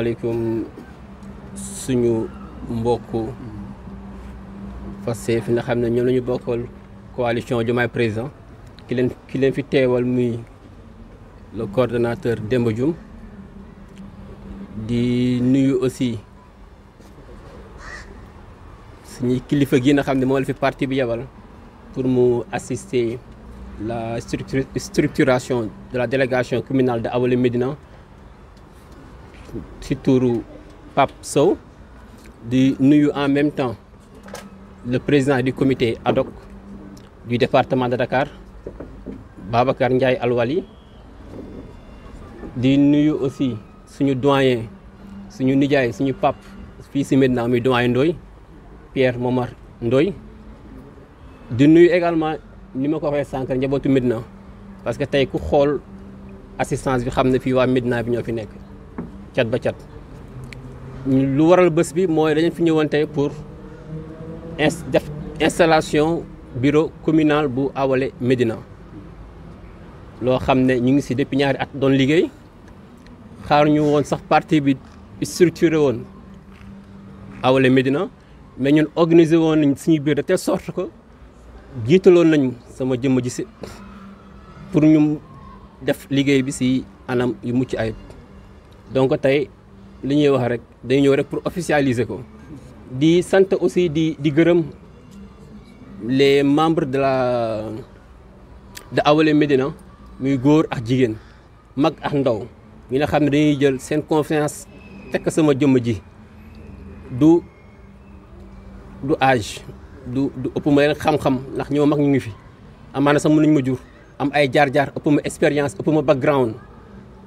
alaykum suñu mbokku Pastef fi nga xamné ne lañu la coalition du coalition Président ki leen ki leen fi téwal muy le coordinateur Demba Dioum di nuyu aussi suñuy kilifa gi nga xamné mo la fi parti bi yebal pour mu assister la structuration de la délégation communale de Awalé Medina tituru du en même temps le président du comité ad hoc du département de Dakar Babacar Ndiaye Alwali di nuyu aussi suñu doyen suñu suñu pap doyen Pierre Momar Nous di nuyu également ni ma parce que nous avons eu assistance bi la cat ba chat lu waral bëss bi moy dañu fi ñëwoon tey pour installation bureau communal bu Awalé medina lo xamné ñu ngi ci depuis ñaari at doon liggéey xaar ñu woon sax parti bi structuré woon Awalé medina mais ñun organisé woon nañ suñu biir de telle sorte que jiitaloon nañ sama jëmm ji si pour ñu def liggéey bi si anam yu mucc ayib donc tay liñuy wax rek day ñëw rek pour officialiser ko di sante aussi di di gërëm les membres de la de Awalé Médina muy goor ak jigen mag ak ndaw ñi nga xam dañuy jël sen confiance tek sama jëm ji du du âge du du ëpp ma leen xam-xam ndax ñoo mag ñu ngi fi amana sax mënuñ ma jur am ay jaar-jaar ëpp ma expérience ëpp ma background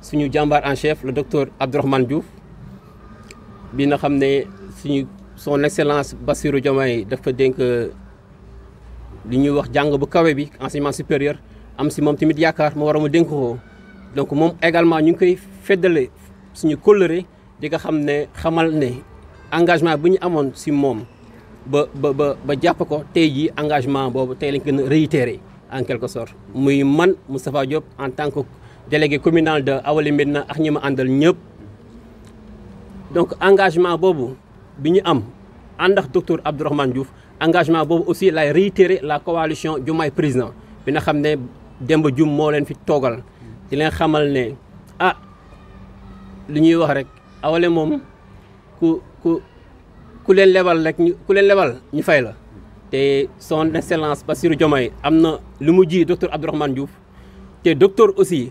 suñu avons en chef le docteur Abdourahmane Diouf bi nga son excellence Bassirou Diomaye dafa denk euh, li wax bu bi enseignement supérieur am si mom timit donc également ñu koy fédalé suñu di engagement ñu ba ba ba ba ko engagement en quelque sorte man en tant que délégué communal de Awali Médina ak ñima andal ñëpp donc engagement bobu biñu am ànd ak docteur Abdourahmane Diouf engagement bobu aussi la réitérer la coalition Diomaye président bi nga xamné Demba Dioum mo leen fi togal di leen xamal né ah li ñuy wax rek le mom ku ku ku leen lebal rek ku leen lebal ñu fay la té son excellence Bassirou Diomaye amna na lu mu ji docteur Abdourahmane Diouf té docteur aussi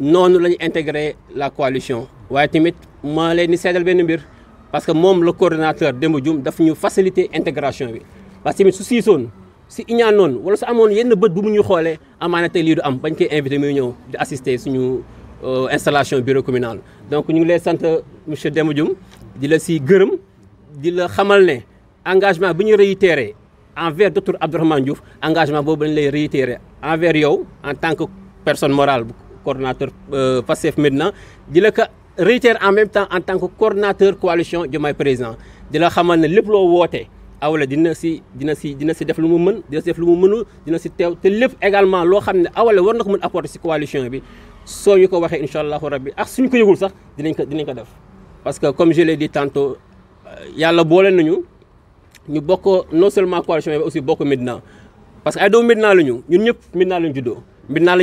Non, nous ñu intégré la coalition waaye tamit ma leen di seedal benn mbir parce que moom le coordinateur Demba Dioum daf ñu faciliter intégration bi parce que tamit su siisoon si iñaan non wala su amone yenn beut bu mu ñu xoolee amaana tey lii du am bañ koy invité muy ñëw di assister suñu euh, installation bureau communal. donc ñu ngi lay sant monsieur Demba di la si gëreum di la xamal né engagement bu ñu réitéré envers docteur Abdourahmane Diouf engagement boobu lañ lay réitéré envers yow en tant que personne morale coordinateur euh, Pastef Médina di la ko réitère en même temps en tant que coordinateur coalition ma Président di la xamal ne lépp loo woote awla dina si dina si dina si def lu mu mën dina si def lu mu dina si teew te lepp également lo xam ne war na ko mën apporter ci coalition bi so ñu ko waxee inshallah allahu rabbi ak suñ ko yëgul sax dinañ ko dinañ ko def parce que comme je l'ai dit tantôt euh, yalla boole nañu ñu bokk non seulement coalition mais aussi bokk Médina parce que ay do Médina la ñun ñep Médina la ñu juddoo Médina la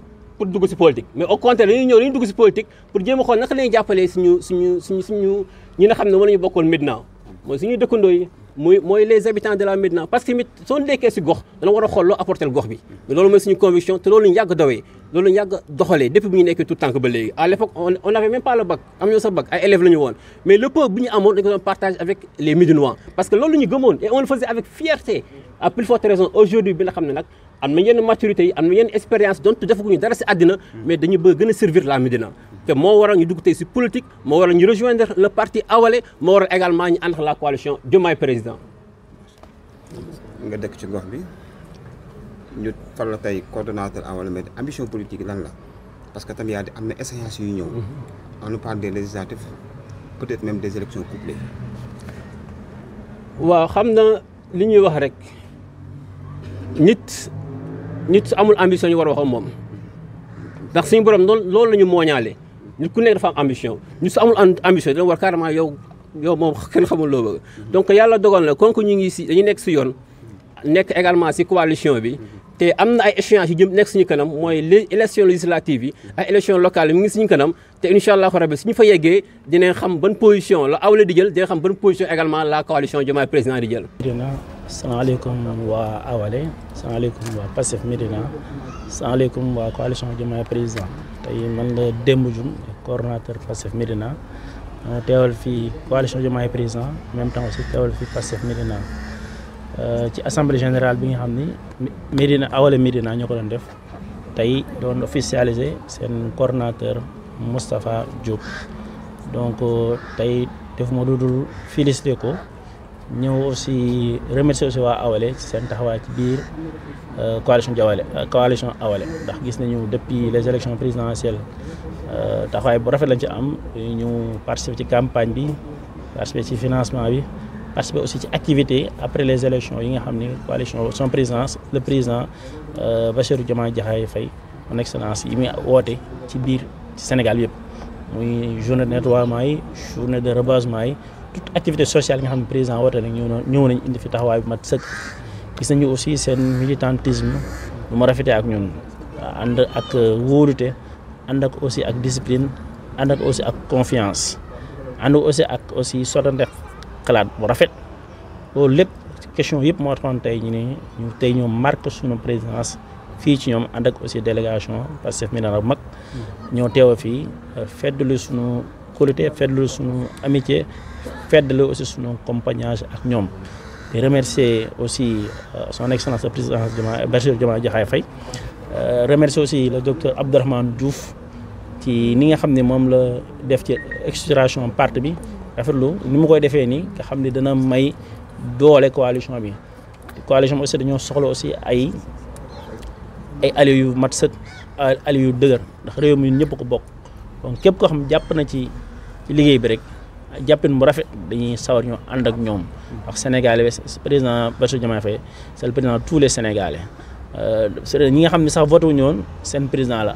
pour dugg si politique mais au contraire dañuy ñëw dañuy dugg si politique pour jéem a xool naka lañuy jàppalee suñu suñu suñu suñu ñi nga xam ne moom ñu bokkoon Médina mooy suñu dëkkandoo yi muy mooy les habitants de la Médina parce que tamit soo nekkee si gox dana war a xool loo apporter gox bi loolu mooy suñu conviction te loolu ñu yàgg dawee loolu ñu yàgg doxalee depuis bu ñu nekkee tout temps que ba léegi à l'époque on avait même pas le bac am ñoo sax bac ay élèves la ñu woon mais le peu bu ñu amoon dañu ko doon partage avec les Médinois parce que loolu ñu gëmoon et on le faisait avec fierté à plus forte raison aujourd'hui bi nga xam ne nag am na yenn maturité yi am na yenn expérience donte defaguñu dara si àddina hmm. mais dañu bëgg gën a servir la medina te moo waral ñu dugg tey si politique moo waral ñu rejoindre le parti awale moo waral également ñu ànd la coalition Diomaye Président nga dëkk ci gox bi ñu fal la tey coordonnateur Awalé mais ambition politique lan la parce que tam yaa di am na échéances yu ñëw hmm. on nous parle des législatives peut-être même des élections couplées waaw xam na li ñuy wax rek nit nit su amul ambition ñu war a wax mom ndax suñu borom loolu lañu moñalé nit ku nekk dafa am ambition nit su amul ambition dañ war carrément yow yow mom kenn xamul lo bëgg donc yalla dogal la konku ñu ngi ci dañu nekk ci yoon nekk également ci coalition bi té amna ay échéances yu jëm nekk suñu kanam moy les élections législatives yi ay élections locales yi ngi suñu kanam té inshallah allahu suñu fa yeggee dina xam ban position la awle di jël dinañ xam ban position également la coalition Diomaye président di jël. wa awalé waa Awale wa passef medina Médina salaamaaleykum wa coalition Diomaye président tay man la Demba Dioum coordonnateur Pastef Médina teewal fi coalition Diomaye président même temps aussi teewal fi passef medina Euh, ci assemblée général bi nga xam ni Médina Awalé Médina ñoo ko doon def tey doon officialiser seen coordonnateur Moustapha Diop donc euh, tey defuma lu dul félicité ko ñëw aussi remercier aussi waa Awalé ci seen taxawaay ci biir euh, coalition Jawale coalition Awalé ndax gis nañu depuis les élections présidentielles taxawaay bu rafet lañ ci am ñu participer ci campagne bi participer ci financement bi participer aussi ci activité après les élections yi nga xam coalition son présence, le président euh, Bassirou Diama Diakhar Faye mon excellence yi muy woote ci biir ci Sénégal yëpp muy journée de nettoyage, yi journée de reboisement yi toute activité sociale yi nga xam ne président woote nag ñëw na nous, nañ indi fi taxawaay bu mat sëkk gis nañu aussi seen militantisme lu ma ak ñun ànd ak wóolute ànd ak aussi ak discipline ànd ak aussi ak confiance ànd aussi ak aussi khalat bu rafet loolu question yep nous ñu présidence fi ci aussi délégation chef minara qualité amitié aussi suñu ak remercier aussi euh, son excellence le président de euh, euh, remercier aussi le docteur Abdourahmane Diouf ci ni nga xamné mom la def ci rafetlu ni mu koy defee nii nga xam ne dana may doole coalition bi coalition bi aussi dañoo soxla aussi ay ay alliés yu mat sëkk alliés yu dëgër ndax réew mi ñëpp ko bokk donc képp koo xam jàpp na ci liggéey bi rek jàppin mu rafet dañuy sawar ñoo ànd ak ñoom ndax sénégalais président Bassirou Diomaye Faye c'est le président tous les sénégalais euh, ñi nga xam ne sax voté wu seen président la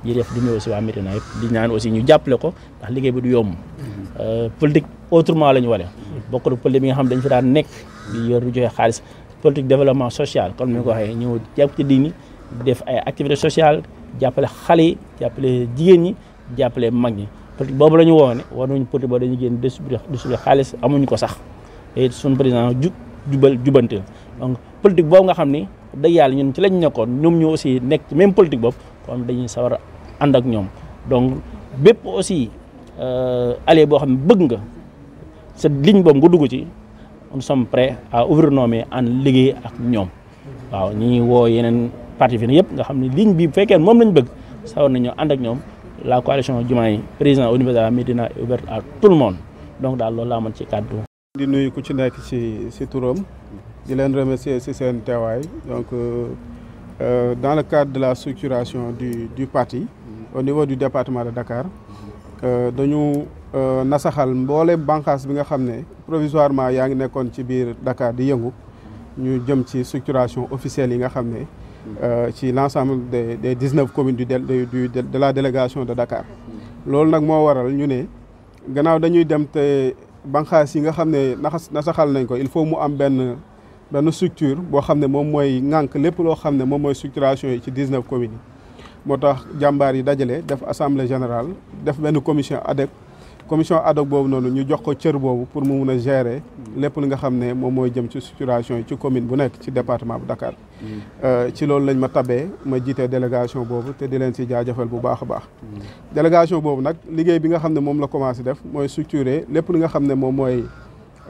di def di nuyu aussi waa Médina yëpp di ñaan aussi ñu jàppale ko ndax liggéey bi du yomb. Euh, politique autrement la ñu waree. bokkul politique bi nga xam dañ fi daan nekk di yor di joxe xaalis politique social comme ni ma ko waxee ñëw jàpp ci diini def ay activité sociale jàppale xale yi jàppale jigéen ñi jàppale mag ñi politique boobu la ñu woo ne war nañu politique boobu dañuy génn distribuer xaalis amuñ ko sax te suñu président ju jubal jubante donc politique boobu nga xam ni dëgg yàlla ñun ci lañ nekkoon ñoom ñu aussi nekk ci même politique boobu kon dañuy sawar ànd ak ñoom donc bépp aussi euh, allée bo xam bëgg nga sa ligne boobu nga dugg ci nous sommes prêts à ouvrir nos mains en liggéey ak ni waaw ñi ngi woo yeneen parti fi ne yëpp nga xam ne ligne bi bu fekkee moom lañ bëgg la nañoo ànd ak ñoom la coalition Diomaye président au niveau de la Médina est ouverte à tout le monde donc daal loolu laa mën ci kàddu di nuyu ku ci nekk ci ci turam di leen remercier ci seen teewaay donc euh, euh, dans le cadre de la structuration du du parti au niveau du département de Dakar nous avons mboole que provisoirement Dakar di avons ñu structuration officielle yi euh, l'ensemble des 19 communes de la délégation de Dakar loolu que les waral ñu ne il faut structure pour que communes moo tax jàmbaar yi dajale def assemblée générale def benn commission ad hoc commission ad hoc boobu noonu ñu jox ko cër boobu pour mu mun a gérer lépp nga xam ne moom mooy jëm ci situation yi ci commune bu nekk ci département bu Dakar mm. euh, ci loolu lañ ma tabee ma jiitee délégation boobu te di leen si jaajëfal bu baax a baax délégation boobu nag liggéey bi nga xam ne moom la commencé def mooy structurer lépp li nga xam ne moom mooy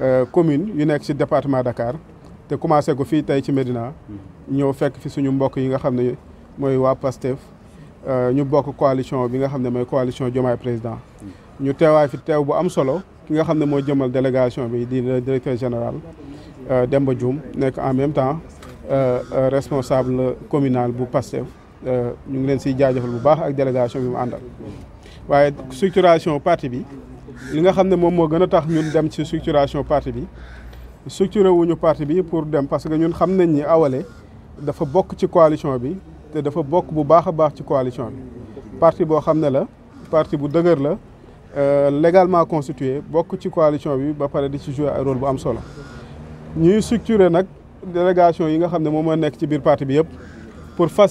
euh, commune yu nekk ci département Dakar te commencé ko fii tey ci Médina mm. ñëw fekk fi suñu mbokk yi nga xam ne mooy waa Pastef Euh, ñu bokk coalition bi nga xam ne mooy coalition Diomaye président ñu teewaay fi teew bu am solo ki nga xam ne moo jëmal délégation bi di le directeur général euh, Demba Dioum nekk en même temps euh, responsable communal bu PASTEF ñu ngi leen siy jaajëfal bu baax ak délégation bi mu àndal waaye structuration parti bi li nga xam ne moom moo gën a tax ñun dem ci structuration parti bi structuré wuñu parti bi pour dem parce que ñun xam nañ ni Awalé dafa bokk ci coalition bi te dafa bokk bu coalition parti parti bu euh, légalement constitué bokk ci coalition bi ba jouer rôle bu am solo ñuy délégation yi nga pour fas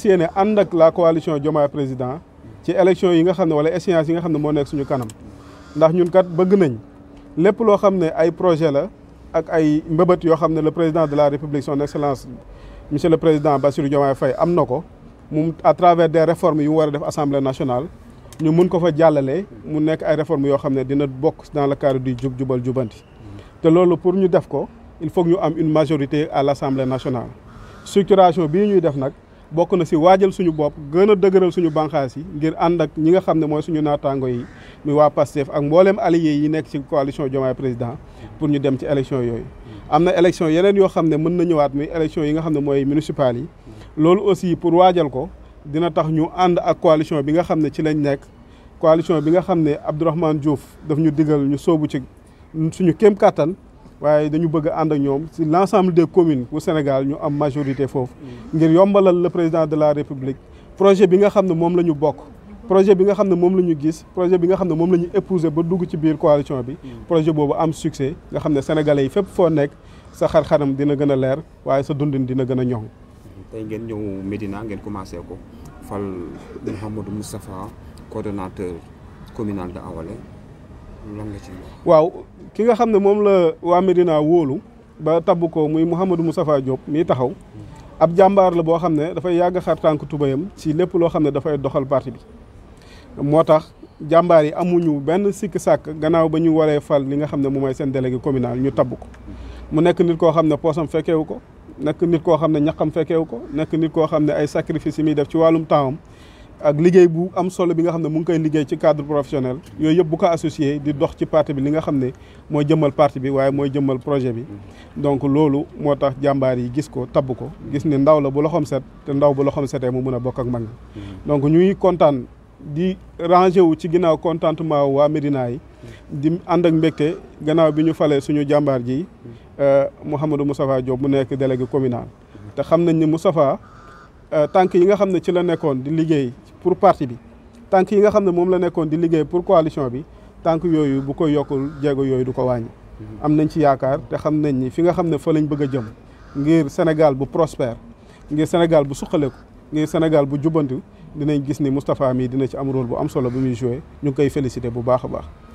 la coalition c'est Président ci élection yi nga xam wala échéance yi nga suñu kanam ndax ñun le président de la République son excellence monsieur le président Diomaye Faye mu à travers des réformes yu mu war def assemblée nationale ñu mun ko fa jàllale mu nekk ay réformes yoo xam ne dina bokk dans le cadre du jub jubal jubanti te loolu pour ñu def ko il faut que ñu am une majorité à l'Assemblée assemblée nationale structuration bii ñuy def nag bokk na ci waajal suñu bop gëna a dëgëral suñu banqaas yi ngir ànd ak ñi nga xam ne mooy suñu naataango yi muy waa PASTEF ak mbooleem alliés yi nekk ci coalition Diomaye Président pour ñu dem ci élection yooyu am na élection yeneen yoo xam ne mën na ñëwaat muy élection yi nga xam ne mooy municipal yi loolu aussi pour wadjal ko dina tax ñu and ak coalition bi nga xamné ci lañ nek coalition bi nga xamné ne Abdourahmane Diouf daf ñu diggal ñu sobu ci suñu kéem kàttan waaye dañu bëgg and ak ñom ci l'ensemble des communes au Sénégal ñu am majorité fofu mm. ngir yombalal le président de la République projet bi nga xamné mom lañu bok projet bi nga xamné mom lañu gis projet bi nga xamné mom lañu la épouser ba dugg ci biir coalition bi mm. projet bobu am succès nga xamné sénégalais yi fep fo nek sa xar-xaram dina gëna a leer waaye sa dundin dina gëna ñong tey ngeen ñëw Médina ngeen commencé ko fal Mouhamadou Moustapha coordonnateur communal de Awalé lan nga ci waaw ki nga xam ne moom la waa Médina wóolu ba tabb ko muy Mouhamadou Moustapha Diop mii taxaw ab jàmbaar la boo xam ne dafay yàgg xar tànk tubayam si lépp loo xam ne dafay doxal parti bi moo tax jàmbaar yi amuñu benn sikk sàkk gannaaw ba ñu waree fal li nga xam ne mu mooy seen délégué communal ñu tabb ko mu nekk nit koo xam ne poosam fekkewu ko nekk nit koo xam ne ñaqam fekkeewu ko nekk nit koo xam ne ay sacrifice yi muy def ci wàllum tempsam ak liggéey bu am solo bi nga xam ne mu ngi koy liggéey ci cadre professionnel yooyu yëpp bu ko associé di dox ci parti bi li nga xam ne mooy jëmmal parti bi waaye mooy jëmmal projet bi donc loolu moo tax jàmbaar yi gis ko tabb ko gis ne ndaw la bu loxoom set te ndaw bu loxoom setee mu mën a bokk ak mag mm-hmm. donc ñuy kontaan di rangé wu ci ginnaaw contentement waa Médina yi di ànd ak mbégte gannaaw bi ñu falee suñu jàmbaar ji euh, Mouhamadou Moustapha Diop mu nekk délégué communal te xam nañ ni Moustapha euh, tànk yi nga xam ne ci la nekkoon di liggéey pour partie bi tànk yi nga xam ne moom la nekkoon di liggéey pour coalition bi tànk yooyu bu ko yokkul jéego yooyu du ko wàññi am nañ ci yaakaar te xam nañ ni fi nga xam ne fa lañ bëgg a jëm ngir Sénégal bu prospère ngir Sénégal bu suqaleku ngir Sénégal bu jubbantu dinañ gis ni Moustapha mi dina ci am rôle bu am solo bu muy joué ñu ngi koy féliciter bu baax a baax